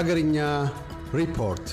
ሀገርኛ ሪፖርት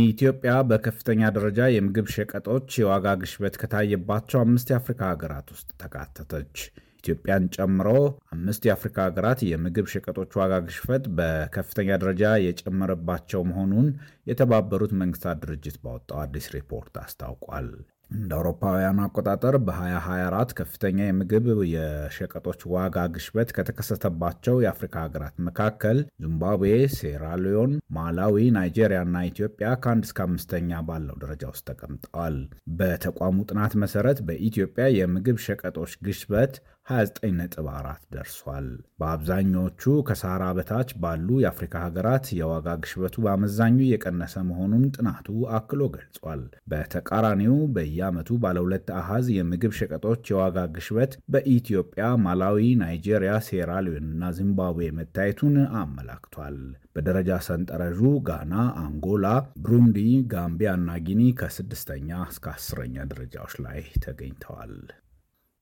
ኢትዮጵያ በከፍተኛ ደረጃ የምግብ ሸቀጦች የዋጋ ግሽበት ከታየባቸው አምስት የአፍሪካ ሀገራት ውስጥ ተካተተች። ኢትዮጵያን ጨምሮ አምስት የአፍሪካ ሀገራት የምግብ ሸቀጦች ዋጋ ግሽበት በከፍተኛ ደረጃ የጨመረባቸው መሆኑን የተባበሩት መንግስታት ድርጅት ባወጣው አዲስ ሪፖርት አስታውቋል። እንደ አውሮፓውያኑ አቆጣጠር በ2024 ከፍተኛ የምግብ የሸቀጦች ዋጋ ግሽበት ከተከሰተባቸው የአፍሪካ ሀገራት መካከል ዚምባብዌ፣ ሴራሊዮን፣ ማላዊ፣ ናይጄሪያ እና ኢትዮጵያ ከአንድ እስከ አምስተኛ ባለው ደረጃ ውስጥ ተቀምጠዋል። በተቋሙ ጥናት መሰረት በኢትዮጵያ የምግብ ሸቀጦች ግሽበት 29.4 ደርሷል። በአብዛኛዎቹ ከሳራ በታች ባሉ የአፍሪካ ሀገራት የዋጋ ግሽበቱ በአመዛኙ እየቀነሰ መሆኑን ጥናቱ አክሎ ገልጿል። በተቃራኒው በየዓመቱ ባለሁለት አሃዝ የምግብ ሸቀጦች የዋጋ ግሽበት በኢትዮጵያ፣ ማላዊ፣ ናይጄሪያ፣ እና ዚምባብዌ መታየቱን አመላክቷል። በደረጃ ሰንጠረዡ ጋና፣ አንጎላ፣ ብሩንዲ፣ ጋምቢያ እና ጊኒ ከስድስተኛ እስከ አስረኛ ደረጃዎች ላይ ተገኝተዋል።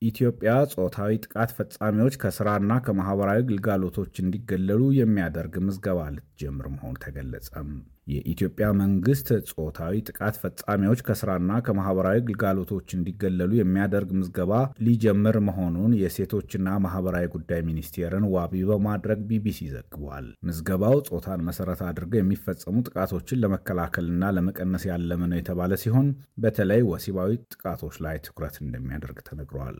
ኢትዮጵያ ጾታዊ ጥቃት ፈጻሚዎች ከስራና ከማህበራዊ ግልጋሎቶች እንዲገለሉ የሚያደርግ ምዝገባ ልትጀምር መሆኑ ተገለጸም። የኢትዮጵያ መንግስት ጾታዊ ጥቃት ፈጻሚዎች ከስራና ከማህበራዊ ግልጋሎቶች እንዲገለሉ የሚያደርግ ምዝገባ ሊጀምር መሆኑን የሴቶችና ማህበራዊ ጉዳይ ሚኒስቴርን ዋቢ በማድረግ ቢቢሲ ዘግቧል። ምዝገባው ጾታን መሰረት አድርገው የሚፈጸሙ ጥቃቶችን ለመከላከልና ለመቀነስ ያለመ ነው የተባለ ሲሆን በተለይ ወሲባዊ ጥቃቶች ላይ ትኩረት እንደሚያደርግ ተነግሯል።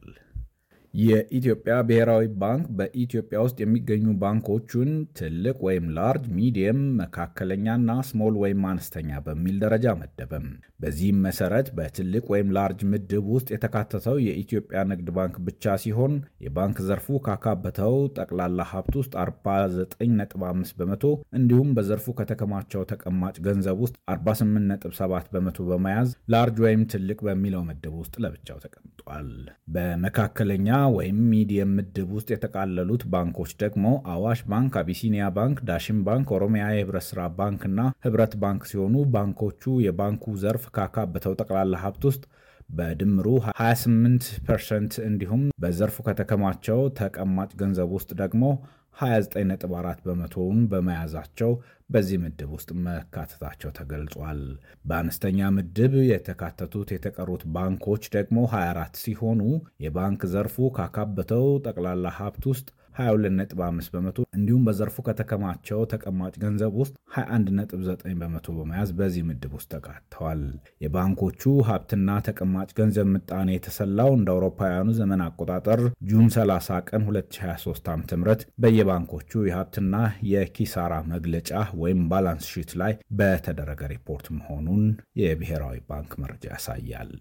የኢትዮጵያ ብሔራዊ ባንክ በኢትዮጵያ ውስጥ የሚገኙ ባንኮቹን ትልቅ ወይም ላርጅ፣ ሚዲየም፣ መካከለኛና ስሞል ወይም አነስተኛ በሚል ደረጃ መደበም። በዚህም መሰረት በትልቅ ወይም ላርጅ ምድብ ውስጥ የተካተተው የኢትዮጵያ ንግድ ባንክ ብቻ ሲሆን የባንክ ዘርፉ ካካበተው ጠቅላላ ሀብት ውስጥ 49.5 በመቶ እንዲሁም በዘርፉ ከተከማቸው ተቀማጭ ገንዘብ ውስጥ 48.7 በመቶ በመያዝ ላርጅ ወይም ትልቅ በሚለው ምድብ ውስጥ ለብቻው ተቀምጧል። ተገልጧል። በመካከለኛ ወይም ሚዲየም ምድብ ውስጥ የተቃለሉት ባንኮች ደግሞ አዋሽ ባንክ፣ አቢሲኒያ ባንክ፣ ዳሽን ባንክ፣ ኦሮሚያ የህብረት ስራ ባንክ እና ህብረት ባንክ ሲሆኑ ባንኮቹ የባንኩ ዘርፍ ካካበተው ጠቅላላ ሀብት ውስጥ በድምሩ 28 ፐርሰንት እንዲሁም በዘርፉ ከተከማቸው ተቀማጭ ገንዘብ ውስጥ ደግሞ 29.4 በመቶውን በመያዛቸው በዚህ ምድብ ውስጥ መካተታቸው ተገልጿል። በአነስተኛ ምድብ የተካተቱት የተቀሩት ባንኮች ደግሞ 24 ሲሆኑ የባንክ ዘርፉ ካካበተው ጠቅላላ ሀብት ውስጥ 22.5 በመቶ እንዲሁም በዘርፉ ከተከማቸው ተቀማጭ ገንዘብ ውስጥ 21.9 በመቶ በመያዝ በዚህ ምድብ ውስጥ ተካተዋል። የባንኮቹ ሀብትና ተቀማጭ ገንዘብ ምጣኔ የተሰላው እንደ አውሮፓውያኑ ዘመን አቆጣጠር ጁን 30 ቀን 2023 ዓ ም በየባንኮቹ የሀብትና የኪሳራ መግለጫ ወይም ባላንስ ሺት ላይ በተደረገ ሪፖርት መሆኑን የብሔራዊ ባንክ መረጃ ያሳያል።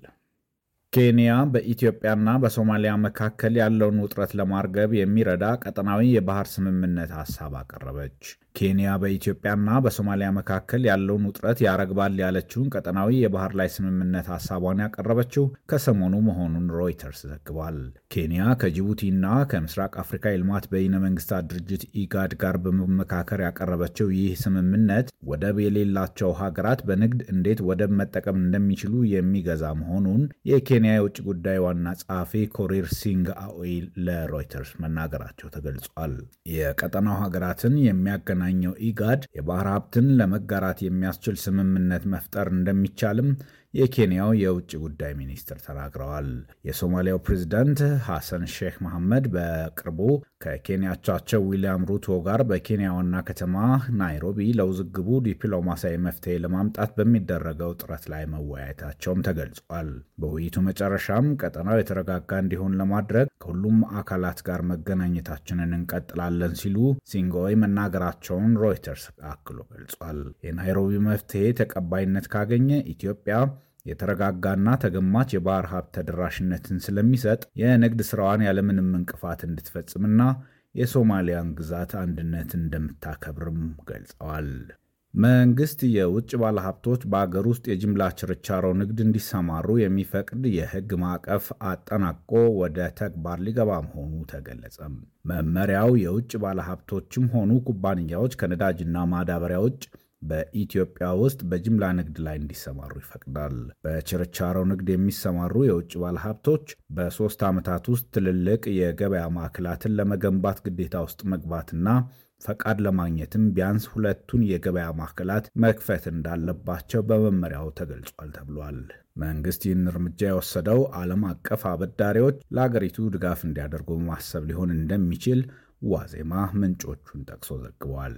ኬንያ በኢትዮጵያና በሶማሊያ መካከል ያለውን ውጥረት ለማርገብ የሚረዳ ቀጠናዊ የባህር ስምምነት ሀሳብ አቀረበች። ኬንያ በኢትዮጵያና በሶማሊያ መካከል ያለውን ውጥረት ያረግባል ያለችውን ቀጠናዊ የባህር ላይ ስምምነት ሀሳቧን ያቀረበችው ከሰሞኑ መሆኑን ሮይተርስ ዘግቧል። ኬንያ ከጅቡቲና ከምስራቅ አፍሪካ የልማት በይነ መንግስታት ድርጅት ኢጋድ ጋር በመመካከር ያቀረበችው ይህ ስምምነት ወደብ የሌላቸው ሀገራት በንግድ እንዴት ወደብ መጠቀም እንደሚችሉ የሚገዛ መሆኑን የኬንያ የኬንያ የውጭ ጉዳይ ዋና ጸሐፊ ኮሪር ሲንግ አዊ ለሮይተርስ መናገራቸው ተገልጿል። የቀጠናው ሀገራትን የሚያገናኘው ኢጋድ የባህር ሀብትን ለመጋራት የሚያስችል ስምምነት መፍጠር እንደሚቻልም የኬንያው የውጭ ጉዳይ ሚኒስትር ተናግረዋል። የሶማሊያው ፕሬዝዳንት ሐሰን ሼክ መሐመድ በቅርቡ ከኬንያቻቸው ዊልያም ሩቶ ጋር በኬንያ ዋና ከተማ ናይሮቢ ለውዝግቡ ዲፕሎማሲያዊ መፍትሄ ለማምጣት በሚደረገው ጥረት ላይ መወያየታቸውም ተገልጿል። በውይይቱ በመጨረሻም ቀጠናው የተረጋጋ እንዲሆን ለማድረግ ከሁሉም አካላት ጋር መገናኘታችንን እንቀጥላለን ሲሉ ሲንጎይ መናገራቸውን ሮይተርስ አክሎ ገልጿል። የናይሮቢ መፍትሄ ተቀባይነት ካገኘ ኢትዮጵያ የተረጋጋና ተገማች የባህር ሀብት ተደራሽነትን ስለሚሰጥ የንግድ ስራዋን ያለምንም እንቅፋት እንድትፈጽምና የሶማሊያን ግዛት አንድነት እንደምታከብርም ገልጸዋል። መንግስት የውጭ ባለሀብቶች በአገር ውስጥ የጅምላ ችርቻሮ ንግድ እንዲሰማሩ የሚፈቅድ የህግ ማዕቀፍ አጠናቆ ወደ ተግባር ሊገባ መሆኑ ተገለጸ። መመሪያው የውጭ ባለሀብቶችም ሆኑ ኩባንያዎች ከነዳጅና ማዳበሪያ ውጭ በኢትዮጵያ ውስጥ በጅምላ ንግድ ላይ እንዲሰማሩ ይፈቅዳል። በችርቻሮ ንግድ የሚሰማሩ የውጭ ባለሀብቶች በሶስት ዓመታት ውስጥ ትልልቅ የገበያ ማዕከላትን ለመገንባት ግዴታ ውስጥ መግባትና ፈቃድ ለማግኘትም ቢያንስ ሁለቱን የገበያ ማዕከላት መክፈት እንዳለባቸው በመመሪያው ተገልጿል ተብሏል። መንግስት ይህን እርምጃ የወሰደው ዓለም አቀፍ አበዳሪዎች ለአገሪቱ ድጋፍ እንዲያደርጉ በማሰብ ሊሆን እንደሚችል ዋዜማ ምንጮቹን ጠቅሶ ዘግቧል።